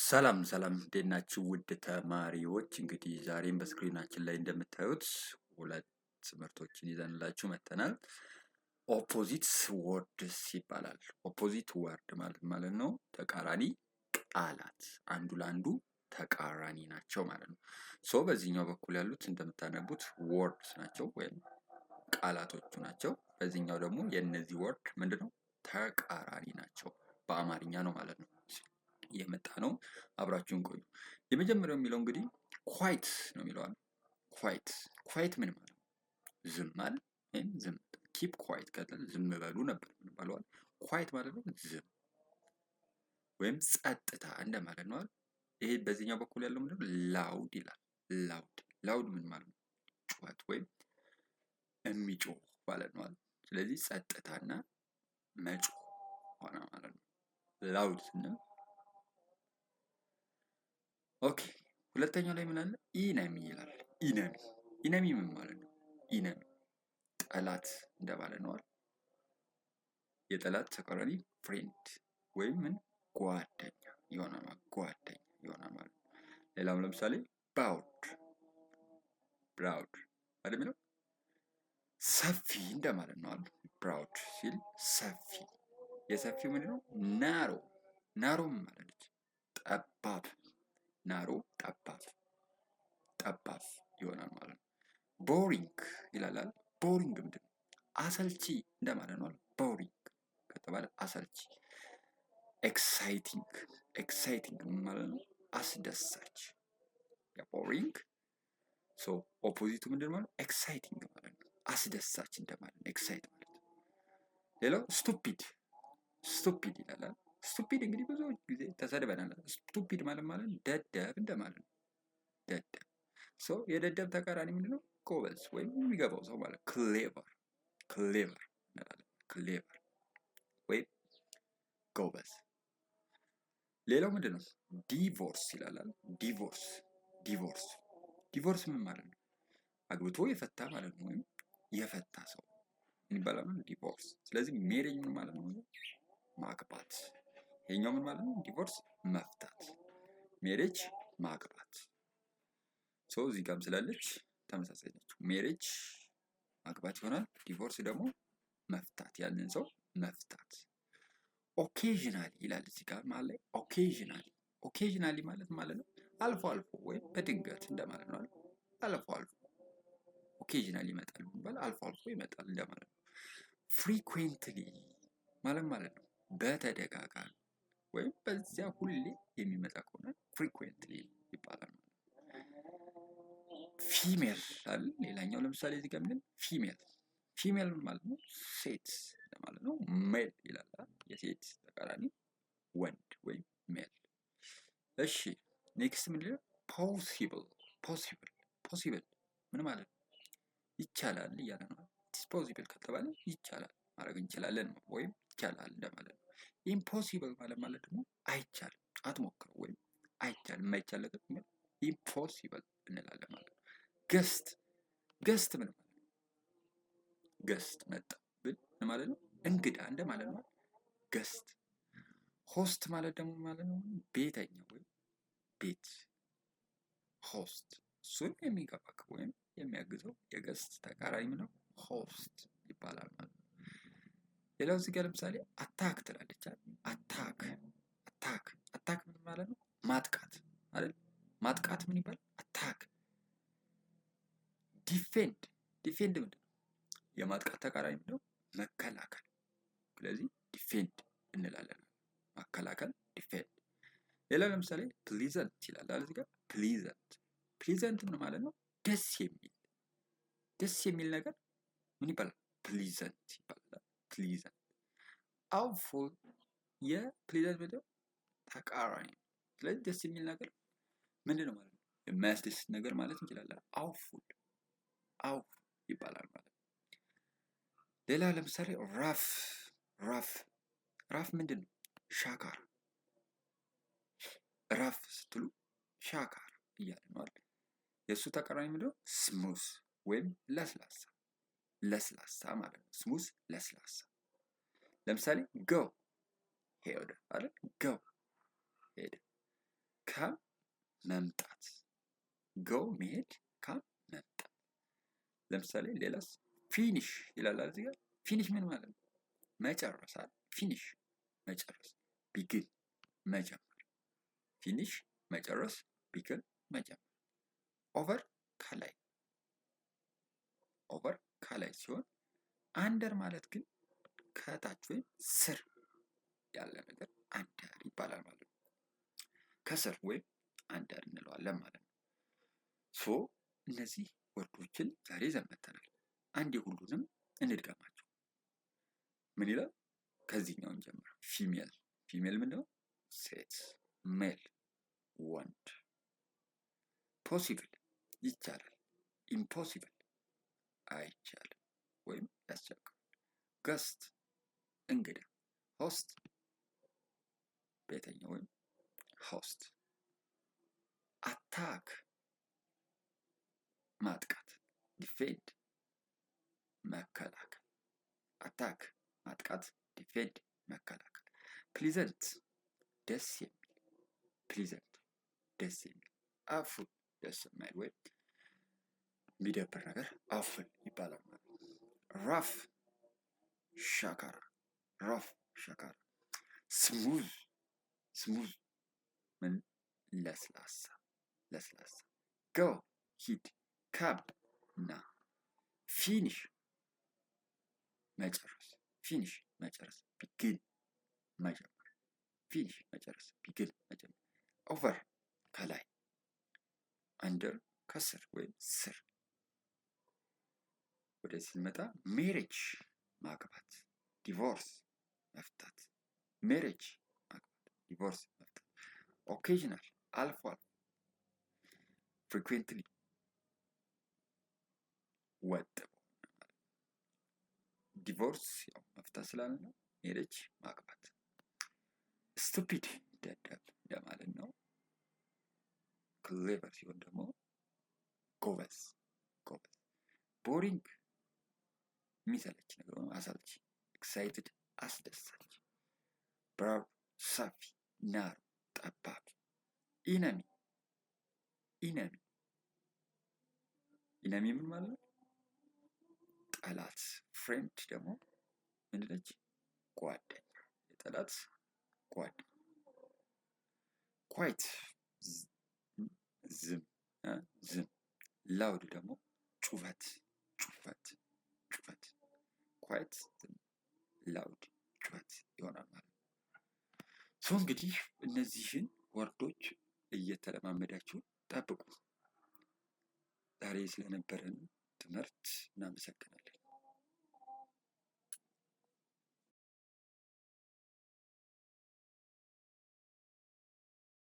ሰላም ሰላም እንዴት ናችሁ? ውድ ተማሪዎች እንግዲህ ዛሬም በስክሪናችን ላይ እንደምታዩት ሁለት ትምህርቶችን ይዘንላችሁ መጥተናል። ኦፖዚት ወርድስ ይባላል። ኦፖዚት ወርድ ማለት ማለት ነው ተቃራኒ ቃላት አንዱ ለአንዱ ተቃራኒ ናቸው ማለት ነው። ሶ በዚህኛው በኩል ያሉት እንደምታነቡት ወርድስ ናቸው ወይም ቃላቶቹ ናቸው። በዚህኛው ደግሞ የእነዚህ ወርድ ምንድነው ተቃራኒ ናቸው። በአማርኛ ነው ማለት ነው። የመጣ ነው። አብራችሁን ቆዩ። የመጀመሪያው የሚለው እንግዲህ ኳይት ነው የሚለዋል። ኳይት ኳይት ምን ማለት ነው? ዝም ማለት ወይም ዝም ኪፕ ኳይት ቀጥል ዝም በሉ ነበር ምንባለዋል። ኳይት ማለት ነው ዝም ወይም ጸጥታ እንደማለት ነው። ይሄ በዚህኛው በኩል ያለው ምንድን ነው? ላውድ ይላል። ላውድ ላውድ ምን ማለት ነው? ጩኸት ወይም የሚጮህ ማለት ነው። ስለዚህ ጸጥታና መጮህ ሆነ ማለት ነው። ላውድ ስንል ኦኬ ሁለተኛው ላይ ምናለ ኢነሚ ይላል። ኢነሚ ኢነሚ ምን ማለት ነው? ኢነሚ ጠላት እንደማለት ነዋል። የጠላት ተቃራኒ ፍሬንድ ወይም ምን ጓደኛ የሆነ ማለት ጓደኛ የሆነ ማለት ነው። ሌላም ለምሳሌ ባውድ ብራውድ አይደል የሚለው ሰፊ እንደማለት ነው። ብራውድ ሲል ሰፊ የሰፊው ምንድን ነው? ናሮ ናሮም ማለት ጠባብ ናሮ ጠባብ ጠባብ ይሆናል ማለት ነው። ቦሪንግ ይላላል። ቦሪንግ ምንድን አሰልቺ እንደማለት ነው። ቦሪንግ ከተባለ አሰልቺ። ኤክሳይቲንግ ኤክሳይቲንግ ማለት ነው አስደሳች። ቦሪንግ ሶ ኦፖዚቱ ምንድን ማለት ኤክሳይቲንግ ማለት ነው። አስደሳች እንደማለት ነው። ኤክሳይት ማለት ሌላው ስቱፒድ ስቱፒድ ይላላል። ስቱፒድ እንግዲህ ብዙ ጊዜ ተሰድበናል። ስቱፒድ ማለት ማለት ደደብ እንደማለት ነው። ደደብ ሶ የደደብ ተቃራኒ ምንድነው? ጎበዝ ወይም የሚገባው ሰው ማለት ክሌቨር ክሌቨር እንላለን። ክሌቨር ወይም ጎበዝ። ሌላው ምንድን ነው? ዲቮርስ ይላላል። ዲቮርስ ዲቮርስ ዲቮርስ ምን ማለት ነው? አግብቶ የፈታ ማለት ነው። ወይም የፈታ ሰው ይባላል ዲቮርስ። ስለዚህ ሜሬጅ ምን ማለት ነው? ማግባት ይሄኛው ምን ማለት ነው? ዲቮርስ መፍታት፣ ሜሬጅ ማግባት። ሶ እዚህ ጋም ስላለች ተመሳሳይ ናቸው። ሜሬጅ ማግባት ይሆናል። ዲቮርስ ደግሞ መፍታት፣ ያንን ሰው መፍታት። ኦኬዥናሊ ይላል እዚህ ጋር ማለት ላይ ኦኬዥናሊ ኦኬዥናሊ ማለት ማለት ነው አልፎ አልፎ ወይም በድንገት እንደማለት ነው። አልፎ አልፎ ኦኬዥናሊ ይመጣል ብንባል አልፎ አልፎ ይመጣል እንደማለት ነው። ፍሪኩዌንትሊ ማለት ማለት ነው በተደጋጋሚ ወይም በዚያ ሁሌ የሚመጣ ከሆነ ፍሪኩዌንትሊ ይባላል። ፊሜል አለ። ሌላኛው ለምሳሌ እዚህ ጋር ፊሜል ፊሜል ማለት ነው ሴት ማለት ነው። ሜል ይላል። የሴት ተቃራኒ ወንድ ወይም ሜል። እሺ ኔክስት ምንድን ነው? ፖሲብል ፖሲብል ፖሲብል ምን ማለት ነው? ይቻላል እያለ ነው። ኢትስ ፖሲብል ከተባለ ይቻላል ማድረግ እንችላለን ወይም ይቻላል እንደማለት ነው። ኢምፖሲብል ማለት ማለት ደግሞ አይቻልም፣ አትሞክረው ወይም አይቻልም፣ የማይቻል ነገር ኢምፖሲብል እንላለን ማለት ነው። ገስት ገስት ምን ማለት ነው? ገስት መጣ ብል ማለት ነው፣ እንግዳ እንደ ማለት ነው። ገስት ሆስት ማለት ደግሞ ማለት ነው፣ ቤተኛ ወይም ቤት ሆስት እሱን የሚንከባከብ ወይም የሚያግዘው የገስት ተቃራኒ ነው ሆስት ይባላል ማለት ነው። ሌላው እዚህ ጋር ለምሳሌ አታክ ትላለች። አታክ አታክ አታክ ምን ማለት ነው? ማጥቃት አይደል? ማጥቃት ምን ይባላል? አታክ። ዲፌንድ ዲፌንድ ምንድን ነው? የማጥቃት ተቃራኒ ምንድነው? መከላከል። ስለዚህ ዲፌንድ እንላለን። ማከላከል ዲፌንድ። ሌላው ለምሳሌ ፕሊዘንት ይላል አለ እዚህ ጋር ፕሊዘንት ፕሊዘንት ምን ማለት ነው? ደስ የሚል ደስ የሚል ነገር ምን ይባላል? ፕሊዘንት ይባላል። ፕሊዘንት አውትፉል የፕሊዘንት ምንድነው ተቃራኒ ስለዚህ ደስ የሚል ነገር ምንድን ነው ማለት ነው የማያስደስት ነገር ማለት እንችላለን አውፉል አው ይባላል ማለት ነው ሌላ ለምሳሌ ራፍ ራፍ ራፍ ምንድን ነው ሻካር ራፍ ስትሉ ሻካር እያለ ነው የእሱ ተቃራኒ ምንድነው ስሙስ ወይም ለስላሳ ለስላሳ ማለት ነው። ስሙዝ ለስላሳ። ለምሳሌ ጎ ሄደ አለ ጎ ሄደ። ከም መምጣት ጎ መሄድ፣ ከም መምጣት። ለምሳሌ ሌላስ ፊኒሽ ይላል አለ ዚጋ ፊኒሽ ምን ማለት ነው? መጨረስ አይደል? ፊኒሽ መጨረስ፣ ቢግን መጀመር። ፊኒሽ መጨረስ፣ ቢግን መጀመር። ኦቨር ከላይ ኦቨር ከላይ ሲሆን አንደር ማለት ግን ከታች ወይም ስር ያለ ነገር አንደር ይባላል ማለት ነው። ከስር ወይም አንደር እንለዋለን ማለት ነው። ሶ እነዚህ ወርዶችን ዛሬ ዘመተናል። አንዴ ሁሉንም እንድገማቸው። ምን ይላል? ከዚህኛው እንጀምር። ፊሜል ፊሜል ምንድነው? ሴት። ሜል ወንድ። ፖሲብል ይቻላል። ኢምፖሲብል አይቻልም ወይም ያስቸግራል። ገስት እንግዳ፣ ሆስት ቤተኛ ወይም ሆስት። አታክ ማጥቃት፣ ዲፌንድ መከላከል። አታክ ማጥቃት፣ ዲፌንድ መከላከል። ፕሊዘንት ደስ የሚል ፕሊዘንት ደስ የሚል አፉ ደስ የማይል ወይም የሚደብር ነገር አፍን ይባላል። ራፍ ሻካራ፣ ራፍ ሻካራ። ስሙዝ ስሙዝ ምን ለስላሳ ለስላሳ። ጎ ሂድ፣ ካብ ና። ፊኒሽ መጨረስ፣ ፊኒሽ መጨረስ፣ ቢግን መጀመር፣ ፊኒሽ መጨረስ፣ ቢግን መጀመር። ኦቨር ከላይ፣ አንደር ከስር ወይም ስር ወደ ስንመጣ ሜሬጅ ማግባት፣ ዲቮርስ መፍታት፣ ሜሬጅ ማግባት፣ ዲቮርስ መፍታት፣ ኦኬዥናል አልፎ አልፎ፣ ፍሪኩዌንትሊ ወጥ ዲቮርስ ያው መፍታት ስላልነው ሜሬጅ ማግባት፣ ስቱፒድ ደደብ ለማለት ነው። ክሌቨር ሲሆን ደግሞ ጎበዝ ጎበዝ፣ ቦሪንግ የሚሰለች ነገር ወይም አሳልቺ፣ ኤክሳይትድ አስደሳች፣ ብራብ ሰፊ፣ ናሮ ጠባብ፣ ኢነሚ ኢነሚ ኢነሚ ምን ማለት ነው? ጠላት። ፍሬንድ ደግሞ ምንድነች? ጓደኛ፣ የጠላት ጓደኛ። ኳይት ዝም ዝም። ላውድ ደግሞ ጩኸት ኳይት ላውድ ጩኸት ይሆናል ማለት ነው። ሶ እንግዲህ እነዚህን ወርዶች እየተለማመዳችሁ ጠብቁ። ዛሬ ስለነበረን ትምህርት እናመሰግናለን።